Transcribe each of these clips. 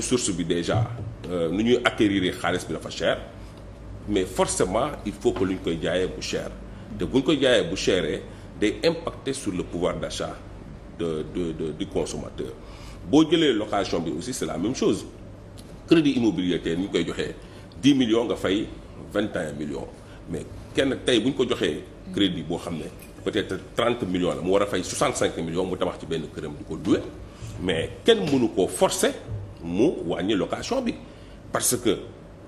si source bi déjà euh, nu ñuy acquérir xaalis bi dafa cher mais forcément il faut que lu ñu koy jaayee bu cher te bu ñu koy jaayee bu chéree day impacte sur le pouvoir d'achat de de de di consommateur boo jëlee location bi aussi c'est la même chose crédit immobilier tey ni ñu koy joxee 10 millions nga fay 21 millions mais kenn tey bu ko joxee crédit boo xam ne peut-être 30 millions mu war a fay 65 millions mu tabax ci benn këram di ko louer mais kenn mënu koo forcer mu wàññi location bi parce que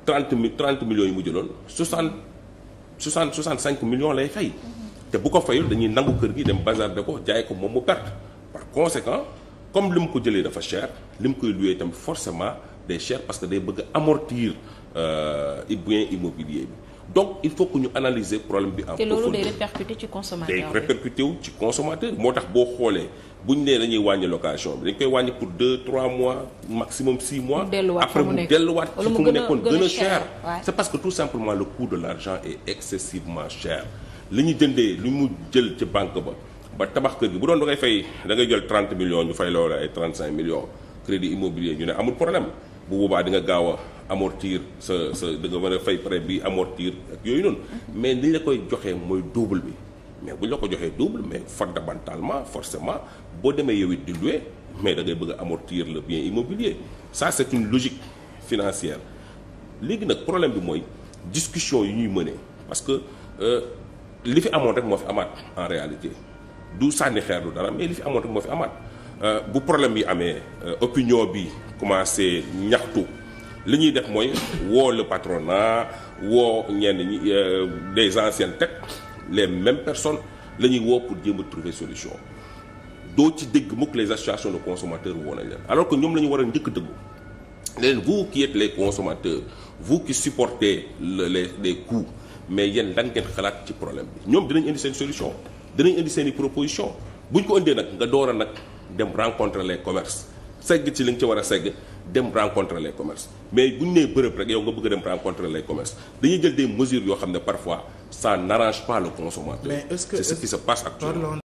trente mille trente millions yi mu jëloon soixante soixante soixante cinq million lay fay. te bu ko fayul dañuy nangu kër gi dem bazarder ko jaay ko moom mu perte par conséquent comme li mu ko jëlee dafa cher li mu koy loué tamit forcement day cher parce que day bëgg amortir euh, bien immobilier bi. donc il faut que ñu analyser problème bi en te loolu day répercuté ci consommateur day répercuté wu ci consommateur moo tax boo xoolee bu ñu nee dañuy wàññi location bi dañ koy wàññi pour 2 3 mois maximum 6 mois. après mu delluwaat ci fu mu nekkoon gën a cher. c'est parce que tout simplement le coût de l'argent est excessivement cher li ñu jëndee lu mu jël ci banque ba ba tabax kër gi bu doon da ngay fay da jël 30 millions ñu fay loolu ay 35 millions crédit immobilier ñu ne amul problème bu boobaa di nga gaaw a. amortir sa sa da nga mën a fay prêt bi amortir ak yooyu noonu mais li la koy joxee mooy double bi mais bu ñu la ko joxee double mais fondamentalement forcément boo demee yow it di louer mais da bëgg a amortir le bien immobilier ça c'est une logique financière léegi nag problème bi mooy discussion yi ñuy mënee parce que euh, li fi amoon rek moo fi amaat en réalité du sànni xeer du dara mais li fi amoon rek moo fi amaat euh, bu problème yi amee euh, opinion bi commencé ñaxtu li ñuy def mooy woo le patronat woo ñenn ñi euh, des anciennes têtes les mêmes personnes la ñuy woo pour jéem a trouver solution doo ci dégg mukk les associations de consommateurs woo a leen alors que ñoom la ñu war a njëkk dëggu leen vous qui êtes les consommateurs vous qui supportez les les coûts mais yéen lan ngeen xalaat ci problème bi ñoom dinañ indi seen solution dinañ indi seen i proposition buñ ko indee nag nga door a nag dem rencontrer les commerces segg ci li nga ci war a segg dem rencontrer les commerces mais bu ñu nee bërëb rek yow nga bëgg a dem rencontrer les commerces dañuy jël des mesures yoo xam ne parfois ça n'arrange pas le consommateur. mais est qui se passe actuellement.